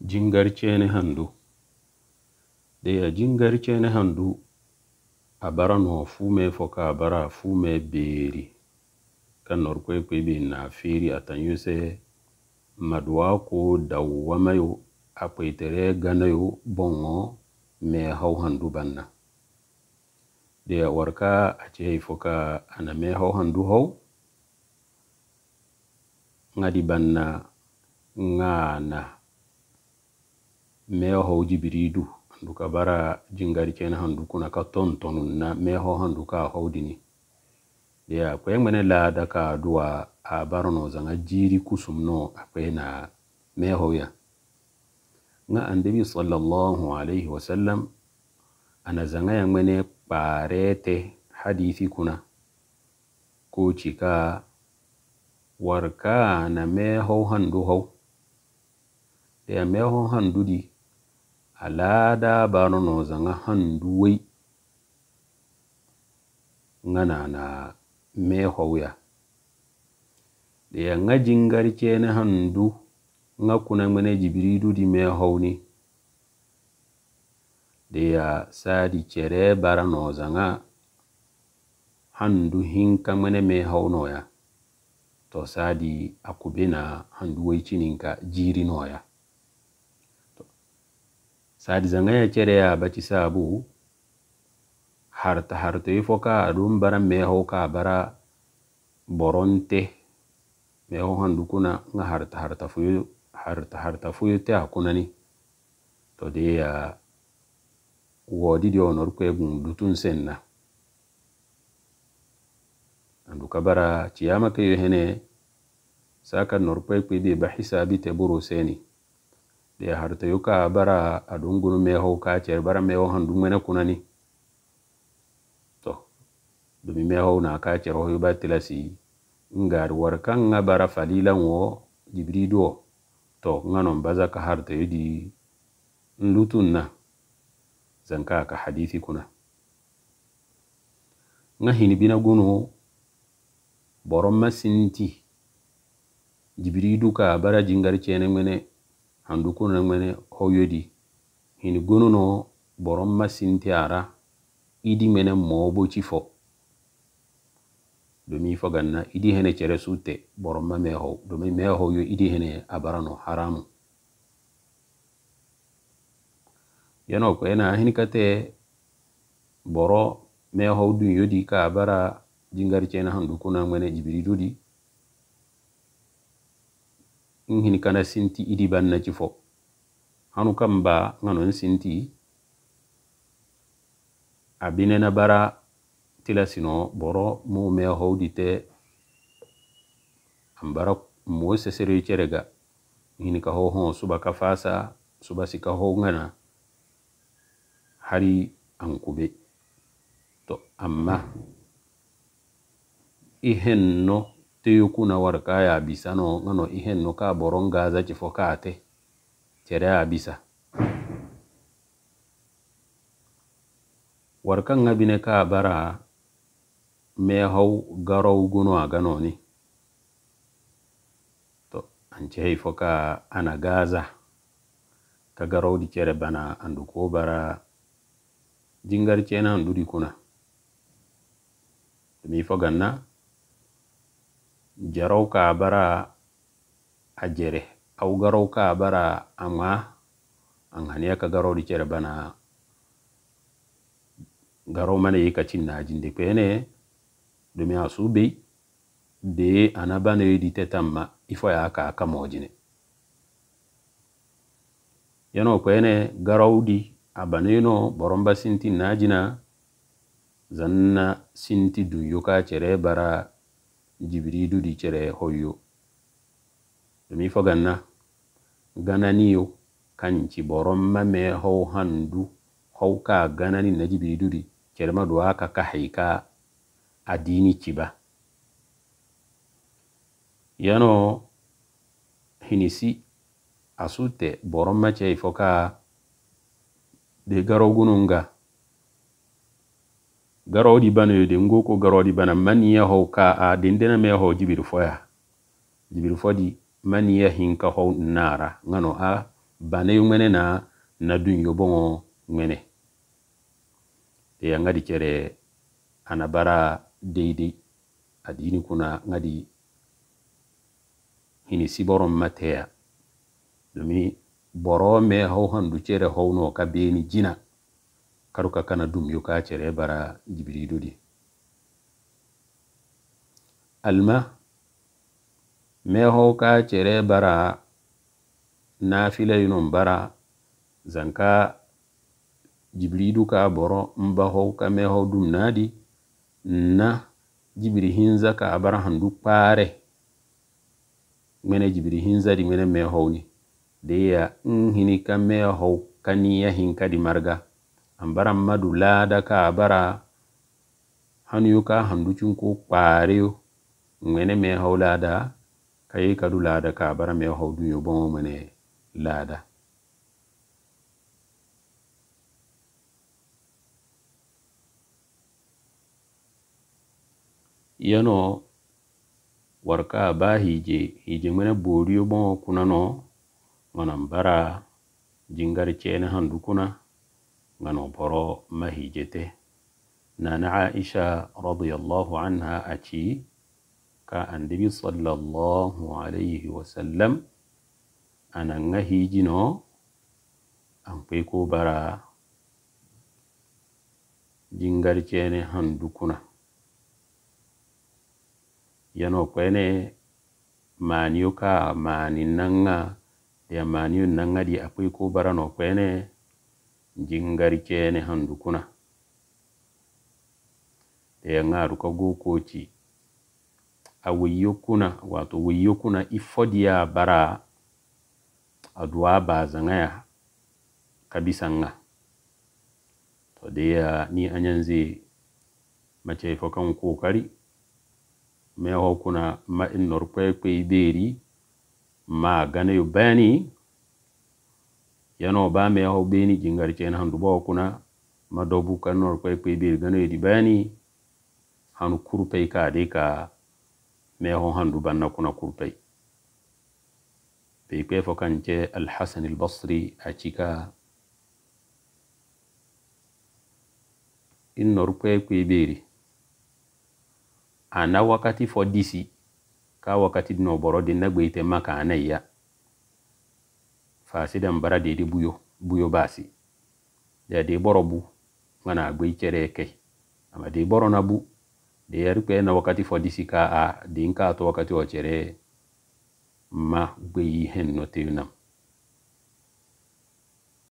jingar cene handu de a jingar cene handu a bara no fu me fo ka bara fu me beri kan nor ko ko bi na firi atanyu se madwa ko dawwa mayo a poitere ganayo bongo me haw handu banna de a warka a ce fo ka ana me haw handu haw ngadi banna ngana meho hoji biridu duka bara jingari kena handu kuna ka ton tonun na meho handu ka hodini ya yeah, kwa yang mene lada ka dua a barono zanga jiri kusum no akwe na meho ya nga andebi sallallahu alaihi wa sallam ana zanga yang mene parete hadithi kuna kuchika warka na meho handu ho ya yeah, meho handu di alada bano no zanga handu wai ngana na me hauya da ya nga jingari ce na handu nga kuna mene jibiri di me hauni da ya sa di cere bara no zanga handu hinka mene me haunoya to sa di akubina handu wai cininka jiri noya ya sadizangaya cereya bati sabu harta harta yi foka adun bara meho ka bara boronte meho handu kuna nga harta harta fuyu harta harta fuyu te akuna ni to de ya wodi di onor ko egun dutun senna andu kabara ciyama ke yene saka norpe kwibi bahisabi te buru seni ya harta yuka bara adungunu meho ka ce bara meho handu mene kuna ni to dumi meho na ka ce ho yuba tilasi ngar war kan nga bara falila wo jibridu wo to nganon baza ka harta yidi lutun na zanka ka hadisi kuna nga hini bina gunu boron masinti jibridu ka bara jingar cene mene handu kun nanmene hoyodi hini gununo boron masinti ara idi mene mobo cifo domi fo ganna idi hene cere sute boronma meho domi mehoyo idi hene abarano haramu yano kwena hini kate boro meho dun yodi ka abara jingari cena handu kun nanmene jibiri dudi hin kana sinti idi banna ci fo hanu kam ba nganon sinti abinena bara tila sino boro mu me howdi te ambara mo seseri cerega hin ka ho ho suba ka fasa suba si ka ho ngana hari an kube to amma ihenno teyo kuna war ka yabisa no nga no ihen no ka boron gaza chifo ka ate. Chere yabisa. War ka nga bine ka bara me hau garo ugunu aga no ni. To, anche hei foka ana gaza. Ka garo di chere bana anduko bara jingari chena anduri kuna. Mi foga na. Mi foga na. jarau ka bara a jere au garau ka bara a ma an hane ka garau di cere bana garau mana yi ka cin najin de pene domin a su bai da ya ana bana yi di tetan ma ifo ya ka aka mojine yano pene garau di a bana yi no boron ba sinti najina zanna sinti dunyuka cere bara jibiri dudi cere hoyo dumi foganna gananiyo kanci boron mame hau handu hau ka ganani na jibiri dudi cere madu aka ka haika adini ciba yano hinisi asute boron mace ifoka de garo gununga garoɗi bana yo den goko garoɗi bana man yahow ka a dendena me yahow jibiri foya jibiri fodi man yahin ka how nara ngano a bana yo ŋmene na na dun yo boŋo ŋmene e ya ŋadi kere ana bara deidei adini kuna ŋadi hini siboron mateya domi boro me how handu kere how no ka beni jina karuka kana dum yuka cere bara jibridu di alma me hoka cere bara nafila yunum bara zanka jibridu ka boro mba hoka me ho dum nadi na jibri hinza ka bara handu pare mene jibri hinza di mene me hawni deya hini ka me ho kaniya hinka di marga ambara mmadụ laa daka abara hanuyoka ahanducinkwu kpari nwene mehau lada kayi kadu lada ka abara mehau dunyo bonwo mene lada yano warka ba hije hije mene boriyo bonwo kuna no manambara jingar chene handukuna kuna ngano boro mahijete nana aisha radiyallahu anha aci ka annabi sallallahu alaihi wasallam ananga hijino ankwe ko bara jingarcene handukuna yano kwene maniyo ka mani nanga ya maniyo nanga di akwai ko bara no kwene jingari kene handu kuna da yan aru ka gokoci a wuyukuna wato wuyukuna ifodiya bara a duwa ba zanaya ka bisan ga to da ya ni anyan zai mace kan kokari mai hukuna ma'in norkwai kwai beri ma gane bayani yano ba me yaho beni jingar chen handu bo kuna madobu kanor kwe kwe bir gano yedi bani hanu kurupei ka adika me yaho handu banna kuna kurupei pei pefo kanche alhasan albasri achika innor kwe kwe biri ana wakati fo disi ka wakati dino borodi nagwe ite maka anaya fasidan bara dede buyo buyo basi de de boro bu mana gbe kere ke ama de boro na bu de yari pe na wakati fo disi ka a de nka to wakati o chere ma gbe yi hen no te nam